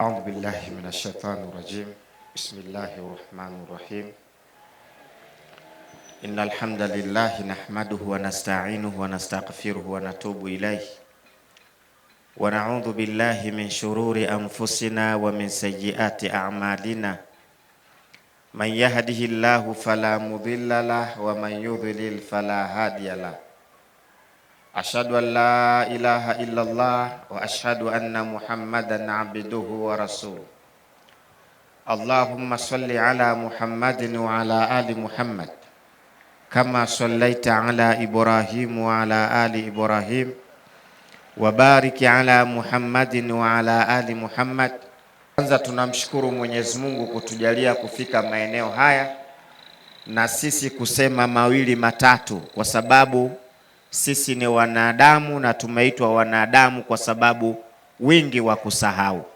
أعوذ بالله من الشيطان الرجيم بسم الله الرحمن الرحيم إن الحمد لله نحمده ونستعينه ونستغفره ونتوب إليه ونعوذ بالله من شرور أنفسنا ومن سيئات أعمالنا من يهده الله فلا مضل له ومن يضلل فلا هادي له Ashhadu an la ilaha illa wa ashhadu anna Muhammadan abduhu wa rasuluh. Allahumma salli ala Muhammadin wa ala ali Muhammad kama sallaita ala Ibrahim wa ala ali Ibrahim wa bariki ala Muhammadin wa ala ali Muhammad. Kwanza tunamshukuru Mwenyezi Mungu kutujalia kufika maeneo haya na sisi kusema mawili matatu kwa sababu sisi ni wanadamu na tumeitwa wanadamu kwa sababu wingi wa kusahau.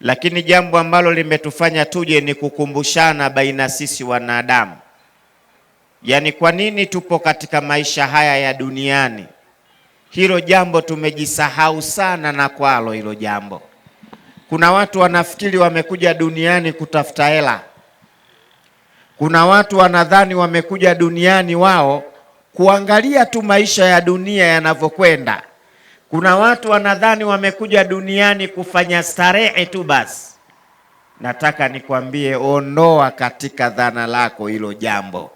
Lakini jambo ambalo limetufanya tuje ni kukumbushana baina sisi wanadamu, yaani kwa nini tupo katika maisha haya ya duniani. Hilo jambo tumejisahau sana na kwalo hilo jambo. Kuna watu wanafikiri wamekuja duniani kutafuta hela. Kuna watu wanadhani wamekuja duniani wao kuangalia tu maisha ya dunia yanavyokwenda. Kuna watu wanadhani wamekuja duniani kufanya starehe tu basi. Nataka nikwambie, ondoa katika dhana lako hilo jambo.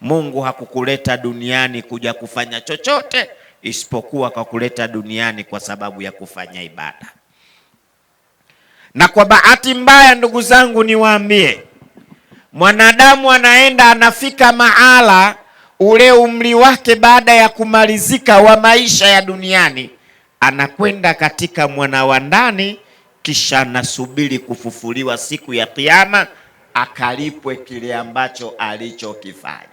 Mungu hakukuleta duniani kuja kufanya chochote isipokuwa kwa kuleta duniani kwa sababu ya kufanya ibada. Na kwa bahati mbaya, ndugu zangu, niwaambie, mwanadamu anaenda anafika mahala ule umri wake baada ya kumalizika wa maisha ya duniani, anakwenda katika mwana wa ndani, kisha anasubiri kufufuliwa siku ya Kiyama akalipwe kile ambacho alichokifanya.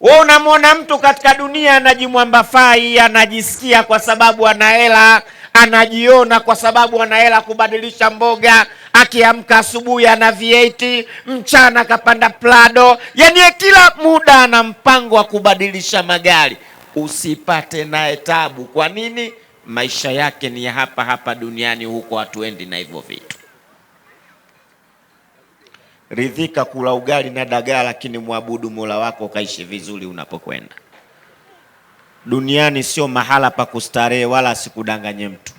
Wewe unamwona mtu katika dunia anajimwamba fai, anajisikia kwa sababu ana hela anajiona kwa sababu ana hela kubadilisha mboga. Akiamka asubuhi ana V8, mchana akapanda Prado, yaani kila muda ana mpango wa kubadilisha magari. Usipate naye tabu. Kwa nini? Maisha yake ni ya hapa hapa duniani, huko hatuendi na hivyo vitu. Ridhika kula ugali na dagaa, lakini mwabudu Mola wako, ukaishi vizuri unapokwenda duniani sio mahala pa kustarehe, wala asikudanganye mtu.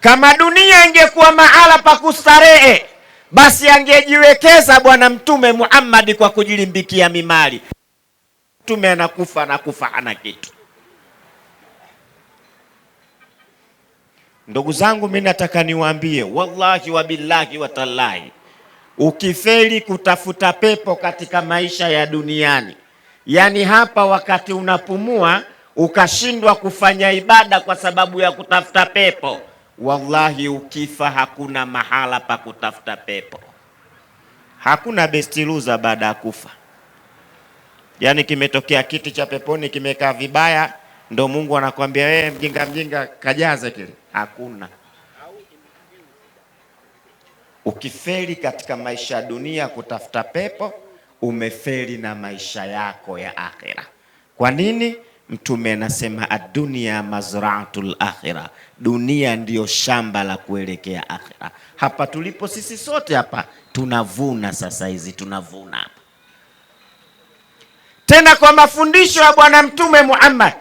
Kama dunia ingekuwa mahala pa kustarehe, basi angejiwekeza Bwana Mtume Muhammad kwa kujilimbikia mimali. Mtume anakufa, anakufa hana kitu. Ndugu zangu, mimi nataka niwaambie, wallahi wabillahi watallahi, ukifeli kutafuta pepo katika maisha ya duniani Yaani hapa wakati unapumua ukashindwa kufanya ibada kwa sababu ya kutafuta pepo, wallahi ukifa hakuna mahala pa kutafuta pepo, hakuna besti luza baada ya kufa. Yaani kimetokea kiti cha peponi kimekaa vibaya, ndo Mungu anakuambia wewe, eh, mjinga mjinga, kajaze kile. Hakuna. Ukifeli katika maisha ya dunia kutafuta pepo umefeli na maisha yako ya akhira. Kwa nini? Mtume anasema adunia mazraatul akhira, dunia ndiyo shamba la kuelekea akhira. Hapa tulipo sisi sote hapa tunavuna sasa, hizi tunavuna hapa tena kwa mafundisho ya Bwana Mtume Muhammad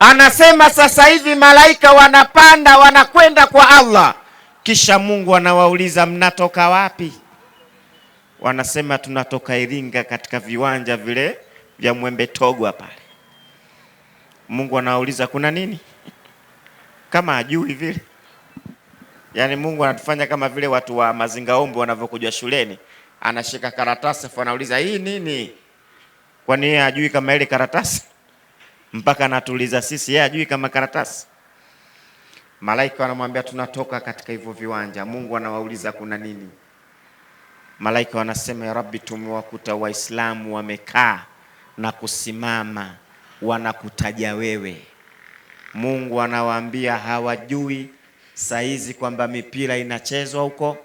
anasema sasa hivi malaika wanapanda wanakwenda kwa Allah, kisha Mungu anawauliza mnatoka wapi? wanasema tunatoka Iringa katika viwanja vile vya Mwembe Togwa pale. Mungu anauliza kuna nini? Kama ajui vile. Yaani Mungu anatufanya kama vile watu wa mazingaombi wanavyokuja shuleni, anashika karatasi afu anauliza hii nini? Kwa nini yeye ajui kama ile karatasi? Mpaka anatuliza sisi yeye ajui kama karatasi. Malaika wanamwambia tunatoka katika hivyo viwanja. Mungu anawauliza kuna nini? Malaika wanasema ya Rabbi, tumewakuta Waislamu wamekaa na kusimama wanakutaja wewe. Mungu anawaambia hawajui saizi kwamba mipira inachezwa huko,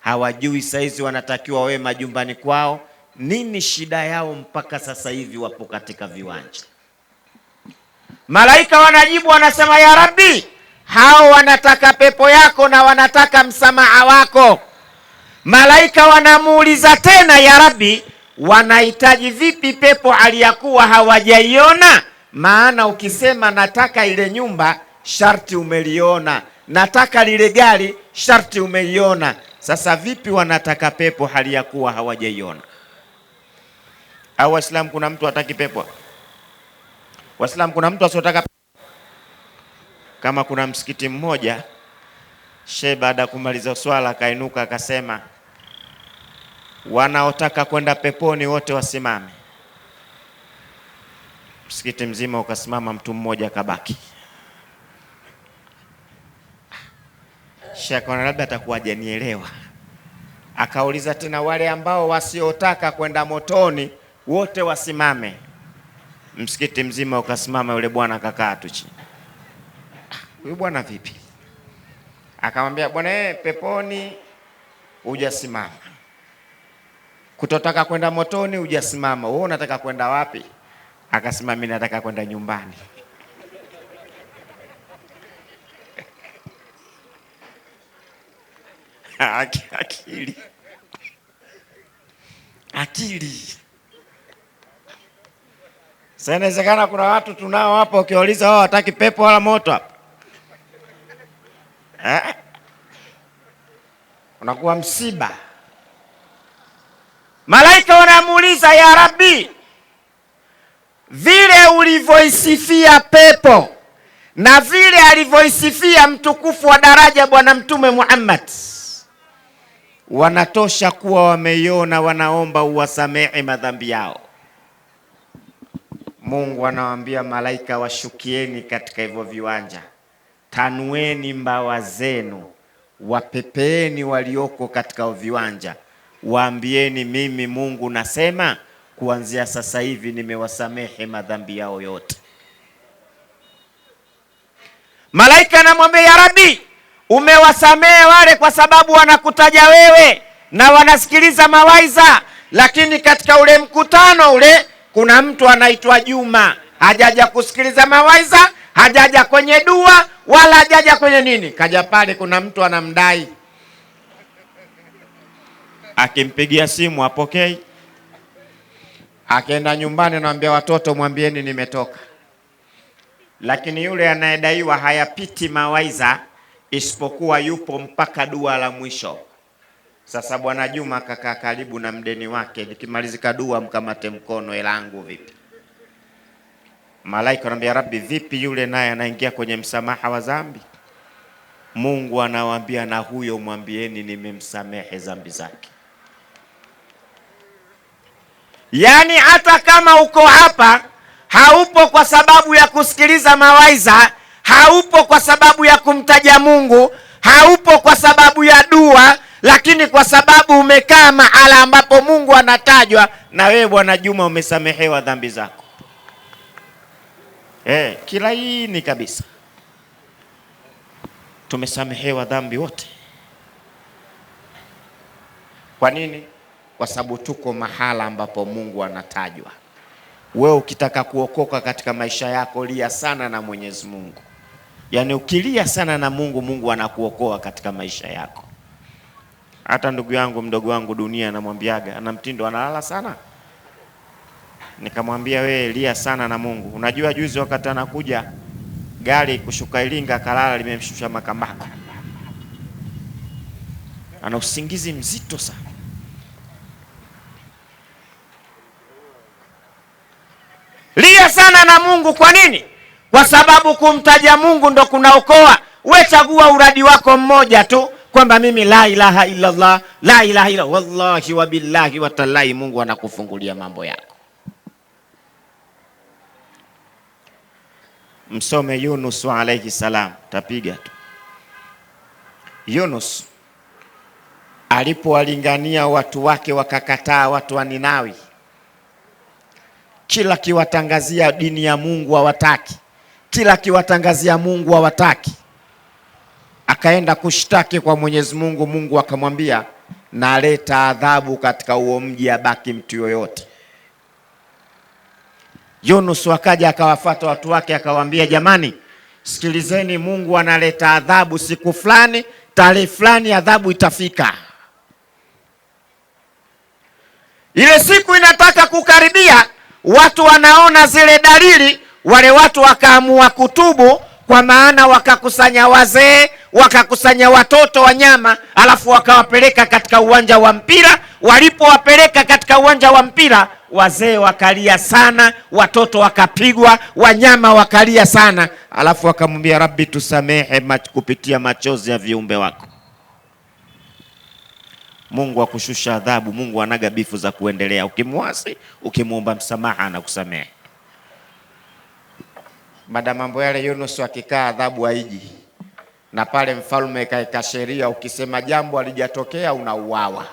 hawajui saizi wanatakiwa wawe majumbani kwao. Nini shida yao mpaka sasa hivi wapo katika viwanja? Malaika wanajibu wanasema, ya Rabbi, hao wanataka pepo yako na wanataka msamaha wako Malaika wanamuuliza tena, ya Rabbi, wanahitaji vipi pepo aliyakuwa hawajaiona? Maana ukisema nataka ile nyumba sharti umeliona, nataka lile gari sharti umeiona Sasa vipi wanataka pepo hali ya kuwa hawajaiona? Au Waislamu kuna mtu hataki pepo? Waislamu kuna mtu asiotaka pepo? Kama kuna msikiti mmoja, she baada ya kumaliza swala akainuka akasema wanaotaka kwenda peponi wote wasimame. Msikiti mzima ukasimama, mtu mmoja kabaki. Shekona labda atakuwaje, nielewa. Akauliza tena, wale ambao wasiotaka kwenda motoni wote wasimame. Msikiti mzima ukasimama, yule bwana akakaa tu chini. Huyu bwana vipi? Akamwambia, bwana, eh, peponi hujasimama Kutotaka kwenda motoni hujasimama. Wewe unataka kwenda wapi? Akasema mimi nataka kwenda nyumbani. Akili, akili. Sasa inawezekana kuna watu tunao hapo ukiwauliza wao oh, wataki pepo wala moto hapa eh? unakuwa msiba. Malaika wanamuuliza ya Rabbi, vile ulivyoisifia pepo na vile alivyoisifia mtukufu wa daraja Bwana Mtume Muhammad wanatosha kuwa wameiona, wanaomba uwasamehe madhambi yao. Mungu anawaambia malaika, washukieni katika hivyo viwanja, tanueni mbawa zenu, wapepeeni walioko katika viwanja waambieni mimi Mungu nasema kuanzia sasa hivi nimewasamehe madhambi yao yote. Malaika anamwambia ya Rabbi, umewasamehe wale kwa sababu wanakutaja wewe na wanasikiliza mawaidha, lakini katika ule mkutano ule kuna mtu anaitwa Juma, hajaja kusikiliza mawaidha, hajaja kwenye dua wala hajaja kwenye nini, kaja pale, kuna mtu anamdai akimpigia simu apokei, akaenda nyumbani, naambia watoto, mwambieni nimetoka. Lakini yule anayedaiwa hayapiti mawaidha, isipokuwa yupo mpaka dua la mwisho. Sasa bwana Juma akakaa karibu na mdeni wake, nikimalizika dua mkamate mkono, hela yangu vipi? Malaika anamwambia Rabbi, vipi? Yule naye anaingia kwenye msamaha wa dhambi. Mungu anawaambia na huyo mwambieni nimemsamehe dhambi zake. Yaani hata kama uko hapa haupo kwa sababu ya kusikiliza mawaidha, haupo kwa sababu ya kumtaja Mungu, haupo kwa sababu ya dua, lakini kwa sababu umekaa mahala ambapo Mungu anatajwa, na wewe Bwana Juma umesamehewa dhambi zako. Eh, kilaini kabisa tumesamehewa dhambi wote. Kwa nini? kwa sababu tuko mahala ambapo Mungu anatajwa. Wewe ukitaka kuokoka katika maisha yako, lia sana na Mwenyezi Mungu. Yaani ukilia sana na Mungu, Mungu anakuokoa katika maisha yako. Hata ndugu yangu mdogo wangu Dunia anamwambiaga, ana mtindo, analala sana. Nikamwambia wewe, lia sana na Mungu. Unajua juzi wakati anakuja gari kushuka Ilinga, kalala limemshusha Makambako, ana usingizi mzito sana. Kuungana na Mungu kwa nini? Kwa sababu kumtaja Mungu ndo kunaokoa. We chagua uradi wako mmoja tu kwamba mimi la ilaha illallah, la ilaha illa wallahi wa billahi wa tallahi, Mungu anakufungulia mambo yako. Msome Yunus alayhi salam, tapiga tu. Yunus alipowalingania watu wake wakakataa, watu wa Ninawi kila kiwatangazia dini ya Mungu hawataki, kila kiwatangazia Mungu hawataki. Akaenda kushtaki kwa Mwenyezi Mungu, Mungu akamwambia naleta adhabu katika huo mji, abaki mtu yoyote. Yunus akaja akawafata watu wake akawaambia, jamani, sikilizeni, Mungu analeta adhabu siku fulani, tarehe fulani, adhabu itafika. Ile siku inataka kukaribia watu wanaona zile dalili, wale watu wakaamua kutubu, kwa maana wakakusanya wazee, wakakusanya watoto wanyama, alafu wakawapeleka katika uwanja wa mpira. Walipowapeleka katika uwanja wa mpira, wazee wakalia sana, watoto wakapigwa, wanyama wakalia sana, alafu wakamwambia Rabbi, tusamehe kupitia machozi ya viumbe wako. Mungu akushusha adhabu. Mungu anaga bifu za kuendelea. Ukimwasi, ukimwomba msamaha, anakusamehe. Baada mambo yale, Yunus akikaa, adhabu haiji. Na pale mfalme kaeka sheria, ukisema jambo alijatokea unauawa.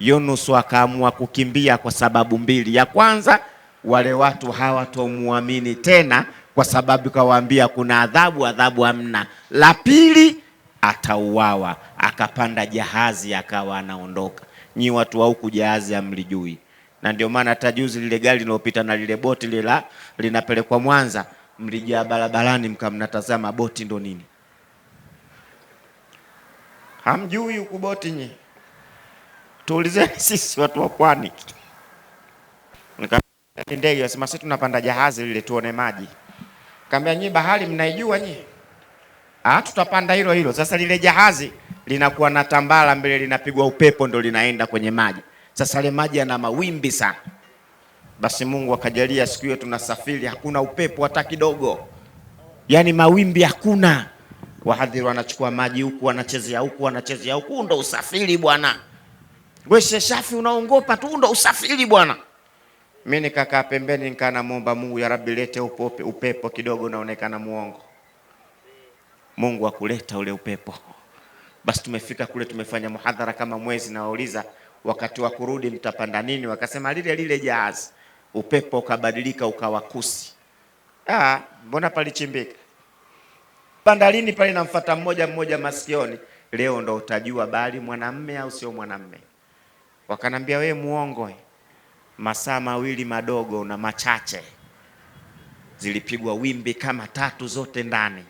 Yunus akaamua kukimbia kwa sababu mbili. Ya kwanza, wale watu hawatomwamini tena kwa sababu kawaambia kuna adhabu, adhabu hamna. La pili, atauawa akapanda jahazi akawa anaondoka. Nyi watu wa huku jahazi hamlijui, na ndio maana hata juzi lile gari linalopita na lile boti lile linapelekwa Mwanza, mlijaa barabarani mkamnatazama boti ndo nini. Hamjui huku boti nyi. tuulizeni sisi watu wa pwani. Ndege wasema sisi tunapanda jahazi lile tuone maji. Kaambia nyi bahari mnaijua nyi? Ah, tutapanda hilo hilo. Sasa lile jahazi linakuwa na tambala mbele, linapigwa upepo ndo linaenda kwenye maji. Sasa ile maji yana mawimbi sana. Basi Mungu akajalia siku hiyo tunasafiri, hakuna upepo hata kidogo, yaani mawimbi hakuna. Wahadhiri wanachukua maji huku wanachezea huku wanachezea huku, ndo usafiri bwana. Wewe sheshafi unaongopa tu, ndo usafiri bwana. Mimi nikakaa pembeni, nikaa namwomba Mungu, ya Rabbi lete upepo, upepo kidogo naonekana muongo. Mungu akuleta ule upepo. Basi tumefika kule, tumefanya muhadhara kama mwezi, nawauliza wakati wa kurudi mtapanda nini? Wakasema lile lile jahazi. Upepo ukabadilika ukawakusi. Ah, mbona palichimbika? Panda pale, namfuata mmoja mmoja masikioni. Leo ndo utajua bali mwanamme au sio mwanamme. Wakanambia we muongo, masaa mawili madogo na machache zilipigwa wimbi kama tatu, zote ndani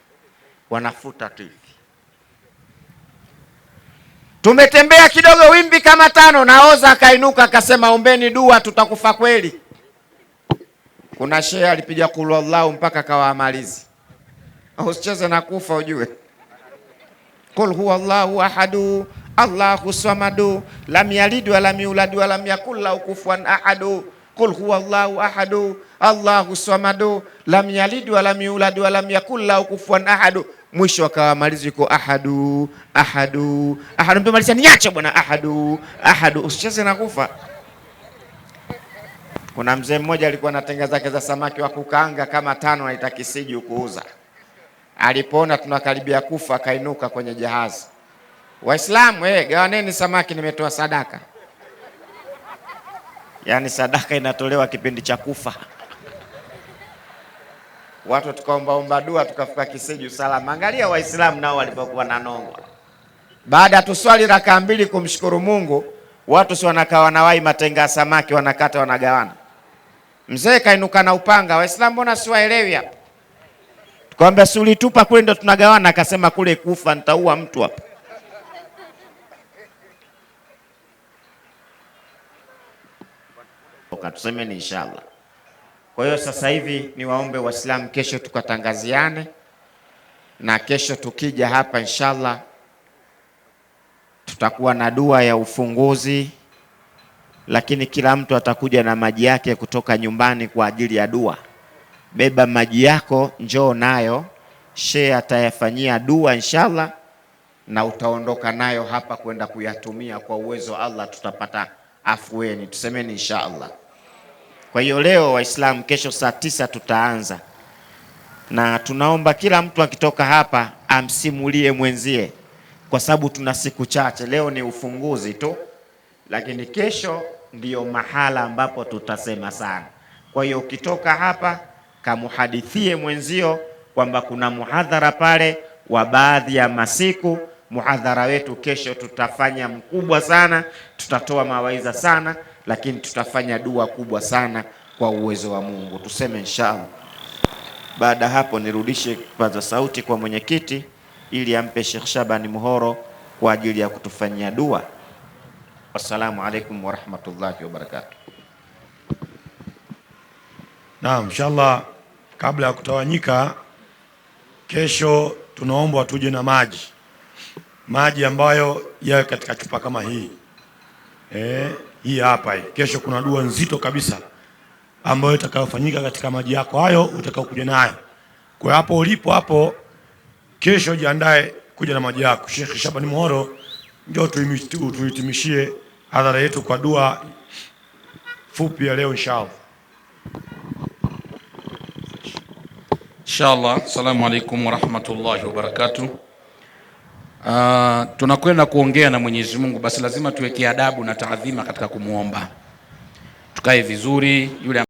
wanafuta tu. Tumetembea kidogo wimbi kama tano, na Oza akainuka akasema, ombeni dua tutakufa kweli. Kuna shehe alipiga kulu Allahu mpaka kawaamalizi. Ah, usicheze na kufa ujue. Kul huwa Allahu ahadu Allahu samadu lam yalid wa lam yulad wa lam yakul lahu kufuwan ahadu Kul huwa Allahu ahadu Allahu samadu lam yalid wa lam yulad wa lam yakul lahu kufuwan ahadu mwisho akamaliza yuko ahadu ahadu ahadu, mpemaliza niache bwana, ahadu ahadu, usicheze na kufa. Kuna mzee mmoja alikuwa na tenga zake za samaki wa kukaanga kama tano, anaita Kisiju kuuza. Alipoona tunakaribia kufa, akainuka kwenye jahazi, Waislamu eh, gawaneni samaki, nimetoa sadaka. Yaani sadaka inatolewa kipindi cha kufa watu tukaombaomba dua tukafika Kisiju salama. Angalia Waislamu nao walipokuwa na nongwa, baada ya tuswali rakaa mbili kumshukuru Mungu, watu si wanakaa wanawai matenga ya samaki wanakata wanagawana. Mzee kainuka na upanga, Waislamu mbona siwaelewi hapa? Tukamwambia si ulitupa kule ndo tunagawana. Akasema kule kufa nitaua mtu hapa. Tuseme ni inshallah. Kwa hiyo sasa hivi ni waombe Waislamu, kesho tukatangaziane, na kesho tukija hapa inshallah tutakuwa na dua ya ufunguzi, lakini kila mtu atakuja na maji yake kutoka nyumbani kwa ajili ya dua. Beba maji yako, njoo nayo, shehe atayafanyia dua inshallah, na utaondoka nayo hapa kwenda kuyatumia. Kwa uwezo wa Allah tutapata afueni, tusemeni inshallah. Kwa hiyo leo Waislamu, kesho saa tisa tutaanza, na tunaomba kila mtu akitoka hapa amsimulie mwenzie, kwa sababu tuna siku chache. Leo ni ufunguzi tu, lakini kesho ndiyo mahala ambapo tutasema sana. Kwa hiyo ukitoka hapa kamuhadithie mwenzio kwamba kuna muhadhara pale wa baadhi ya masiku. Muhadhara wetu kesho tutafanya mkubwa sana, tutatoa mawaidha sana lakini tutafanya dua kubwa sana kwa uwezo wa Mungu, tuseme inshallah. Baada ya hapo, nirudishe kipaza sauti kwa mwenyekiti ili ampe Sheikh Shabani Muhoro kwa ajili ya kutufanyia dua. Wassalamu alaikum warahmatullahi wabarakatuh. Naam, inshallah, kabla ya kutawanyika kesho, tunaomba tuje na maji, maji ambayo yawe katika chupa kama hii eh hii hapa hii. Kesho kuna dua nzito kabisa ambayo itakayofanyika katika maji yako hayo utakaokuja nayo. Kwa hapo ulipo hapo, kesho jiandae kuja na maji yako. Sheikh Shabani Mohoro, njoo tuhitimishie hadhara yetu kwa dua fupi ya leo inshallah. Inshallah, assalamu alaikum warahmatullahi wabarakatuh. Uh, tunakwenda kuongea na Mwenyezi Mungu, basi lazima tuweke adabu na taadhima katika kumwomba, tukae vizuri yule